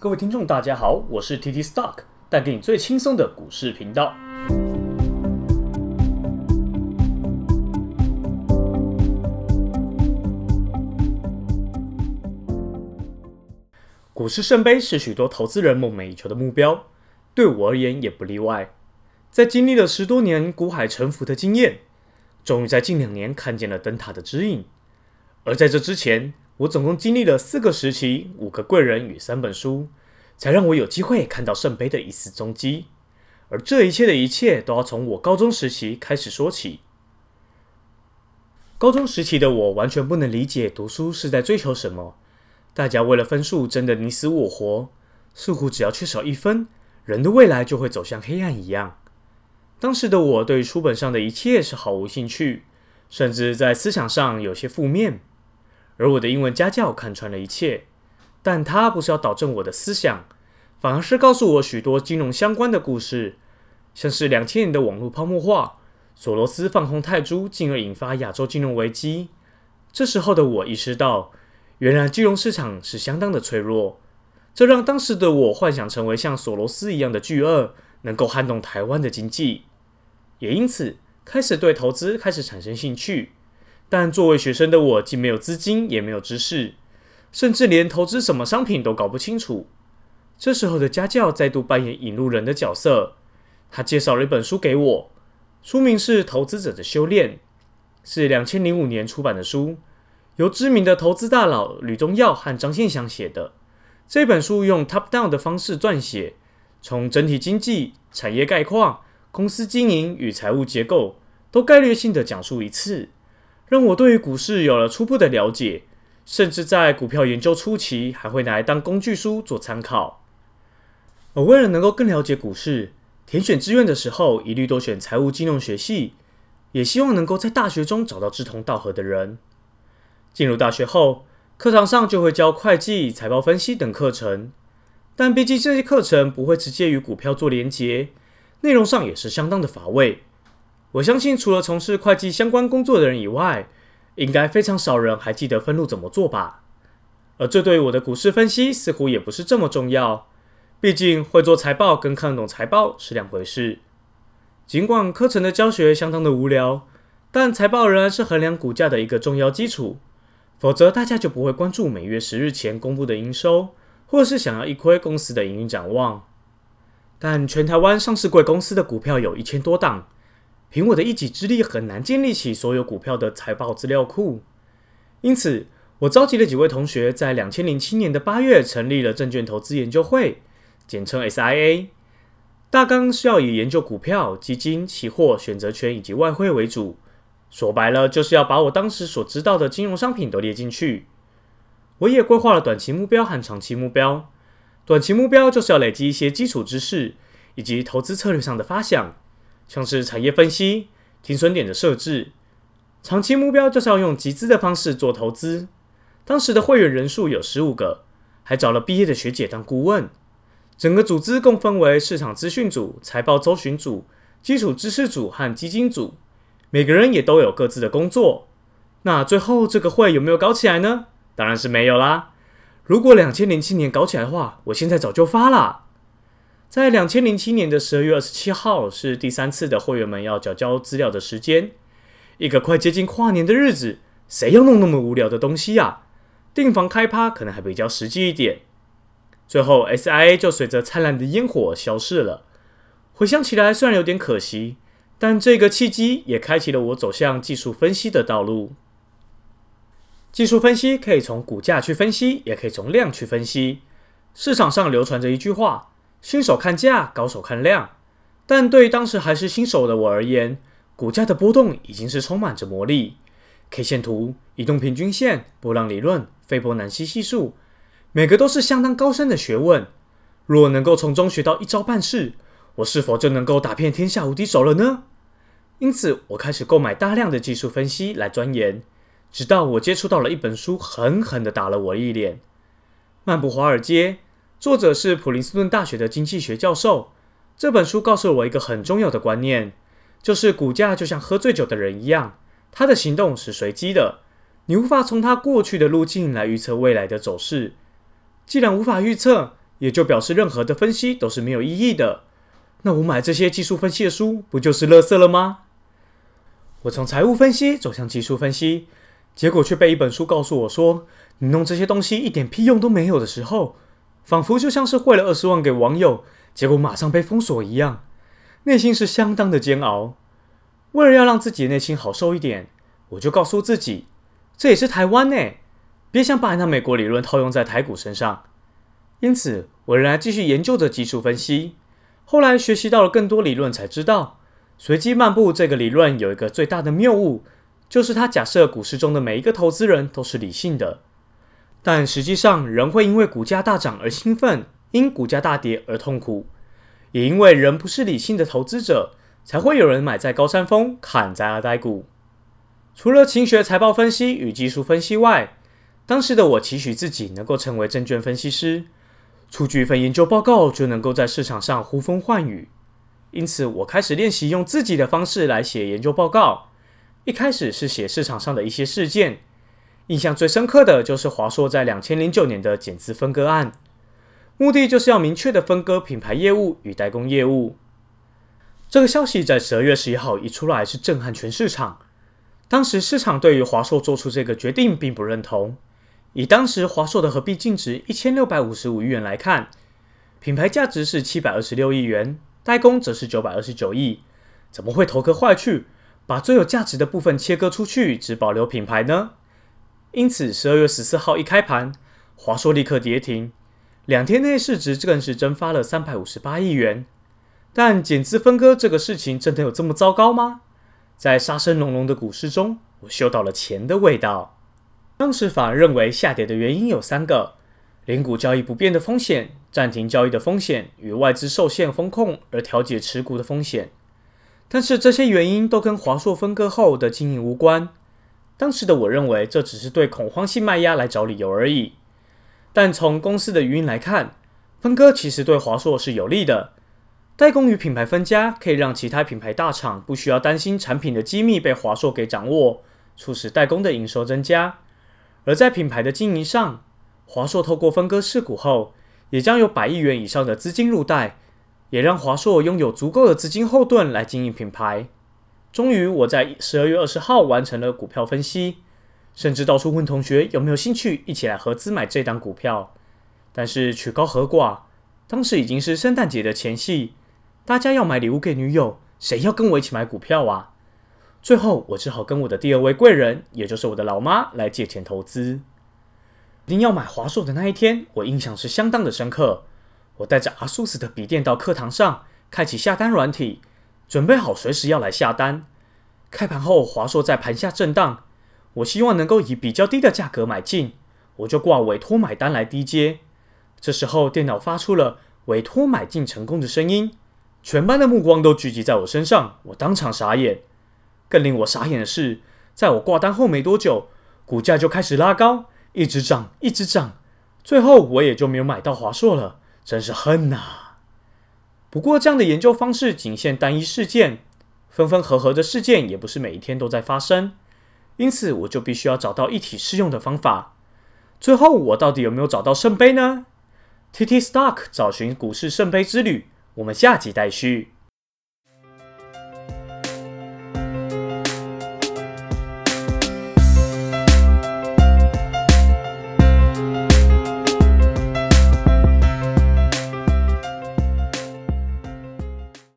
各位聽眾，大家好，我是 TT Stock，帶給你最輕鬆的股市頻道。股市聖杯是許多投資人夢寐以求的目標，對我而言也不例外。在經歷了十多年股海沉浮的經驗，終於在近兩年看見了燈塔的指引，而在這之前，我總共經歷了四個時期、五個貴人與三本書，才讓我有機會看到聖杯的一絲蹤跡。而這一切的一切，都要從我高中時期開始說起。高中時期的我完全不能理解讀書是在追求什麼，大家為了分數爭得你死我活，似乎只要缺少一分，人的未來就會走向黑暗一樣。當時的我對書本上的一切是毫無興趣，甚至在思想上有些負面。而我的英文家教看穿了一切，但他不是要導正我的思想，反而是告訴我許多金融相關的故事，像是兩千年的網絡泡沫化、索羅斯放空泰銖，進而引發亞洲金融危機。這時候的我意識到，原來金融市場是相當的脆弱，這讓當時的我幻想成為像索羅斯一樣的巨鱷，能夠撼動台灣的經濟，也因此開始對投資開始產生興趣。但作為學生的我，既沒有資金，也沒有知識，甚至連投資什麼商品都搞不清楚。這時候的家教再度扮演引路人的角色，他介紹了一本書給我，書名是《投資者的修煉》，是2005年出版的書，由知名的投資大佬呂宗耀和張獻祥寫的。這本書用 top down 的方式撰寫，從整體經濟、產業概況、公司經營與財務結構，都概略性的講述一次。讓我對於股市有了初步的了解，甚至在股票研究初期還會拿來當工具書做參考。我為了能夠更了解股市，填選志願的時候一律都選財務金融學系，也希望能夠在大學中找到志同道合的人。進入大學後，課堂上就會教會計、財報分析等課程，但畢竟這些課程不會直接與股票做連結，內容上也是相當的乏味。我相信，除了從事會計相關工作的人以外，應該非常少人還記得分錄怎麼做吧？而這對於我的股市分析似乎也不是這麼重要。畢竟會做財報跟看懂財報是兩回事。儘管課程的教學相當的無聊，但財報仍然是衡量股價的一個重要基礎。否則大家就不會關注每月十日前公布的營收，或者是想要一窺公司的營運展望。但全台灣上市櫃公司的股票有一千多檔。憑我的一己之力，很難建立起所有股票的財報資料庫。因此，我召集了幾位同學，在兩千零七年的八月成立了證券投資研究會，簡稱 SIA。大綱是要以研究股票、基金、期貨、選擇權以及外匯為主。說白了，就是要把我當時所知道的金融商品都列進去。我也規劃了短期目標和長期目標。短期目標就是要累積一些基礎知識，以及投資策略上的發想。像是產業分析、停損點的設置，長期目標就是要用集資的方式做投資。當時的會員人數有十五個，還找了畢業的學姐當顧問。整個組織共分為市場資訊組、財報周巡組、基礎知識組和基金組，每個人也都有各自的工作。那最後這個會有沒有搞起來呢？當然是沒有啦。如果兩千零七年搞起來的話，我現在早就發啦。在兩千零七年的十二月二十七號，是第三次的會員們要繳交資料的時間，一個快接近跨年的日子，誰要弄那麼無聊的東西呀、啊？訂房開趴可能還比較實際一點。最後，SIA 就隨着燦爛的煙火消失了。回想起來，雖然有點可惜，但這個契機也開啟了我走向技術分析的道路。技術分析可以從股價去分析，也可以從量去分析。市場上流傳着一句話。新手看價，高手看量。但對當時還是新手的我而言，股價的波動已經是充滿着魔力。K 線圖、移動平均線、波浪理論、斐波那契係數，每個都是相當高深的學問。若能夠從中學到一招半式，我是否就能夠打遍天下無敵手了呢？因此，我開始購買大量的技術分析來鑽研，直到我接觸到了一本書，狠狠地打了我一臉。《漫步華爾街》。作者是普林斯頓大學的經濟學教授。這本書告訴我一個很重要的觀念，就是股價就像喝醉酒的人一樣，他的行動是隨機的，你無法從他過去的路徑來預測未來的走勢。既然無法預測，也就表示任何的分析都是沒有意義的。那我買這些技術分析的書，不就是垃圾了嗎？我從財務分析走向技術分析，結果卻被一本書告訴我說，你弄這些東西一點屁用都沒有的時候。仿佛就像是匯了二十萬給網友，結果馬上被封鎖一樣，內心是相當的煎熬。為了要讓自己內心好受一點，我就告訴自己，這也是台灣呢，別想把那美國理論套用在台股身上。因此，我仍然繼續研究着技術分析。後來學習到了更多理論，才知道隨機漫步這個理論有一個最大的謬誤，就是它假設股市中的每一個投資人都是理性的。但實際上，人會因為股價大漲而興奮，因股價大跌而痛苦，也因為人不是理性的投資者，才會有人買在高山峰，砍在阿呆股。除了勤學財報分析與技術分析外，當時的我期許自己能夠成為證券分析師，出具一份研究報告就能夠在市場上呼風喚雨。因此，我開始練習用自己的方式來寫研究報告。一開始是寫市場上的一些事件。印象最深刻的就是華碩在兩千零九年的減資分割案，目的就是要明確的分割品牌業務與代工業務。這個消息在十二月十一號一出來是震撼全市場。當時市場對於華碩做出這個決定並不認同。以當時華碩的合併淨值一千六百五十五億元來看，品牌價值是七百二十六億元，代工則是九百二十九億，怎麼會頭殼壞去，把最有價值的部分切割出去，只保留品牌呢？因此，十二月十四號一開盤，華碩立刻跌停，兩天內市值更是蒸發了三百五十八億元。但減資分割這個事情真的有這麼糟糕嗎？在殺聲隆隆的股市中，我嗅到了錢的味道。當時反而認為下跌的原因有三個：零股交易不變的風險、暫停交易的風險與外資受限風控而調節持股的風險。但是這些原因都跟華碩分割後的經營無關。當時的我認為這只是對恐慌性賣壓來找理由而已，但從公司的語音來看，分割其實對華碩是有利的。代工與品牌分家可以讓其他品牌大廠不需要擔心產品的機密被華碩給掌握，促使代工的營收增加。而在品牌的經營上，華碩透過分割釋股後，也將有百億元以上的資金入袋，也讓華碩擁有足夠的資金後盾來經營品牌。終於，我在十二月二十號完成了股票分析，甚至到處問同學有沒有興趣一起來合資買這檔股票。但是曲高和寡，當時已經是聖誕節的前夕，大家要買禮物給女友，誰要跟我一起買股票啊？最後，我只好跟我的第二位貴人，也就是我的老媽來借錢投資。您要買華碩的那一天，我印象是相當的深刻。我帶着 ASUS 的筆電到課堂上，開啟下單軟體。準備好隨時要來下單。開盤後，華碩在盤下震盪，我希望能夠以比較低的價格買進，我就掛委託買單來低接。這時候，電腦發出了委託買進成功的聲音，全班的目光都聚集在我身上，我當場傻眼。更令我傻眼的是，在我掛單後沒多久，股價就開始拉高，一直漲，一直漲，最後我也就沒有買到華碩了，真是恨啊！不過，這樣的研究方式僅限單一事件，分分合合的事件也不是每一天都在發生，因此我就必須要找到一體適用的方法。最後，我到底有沒有找到聖杯呢？TT Stock 找尋股市聖杯之旅，我們下集待續。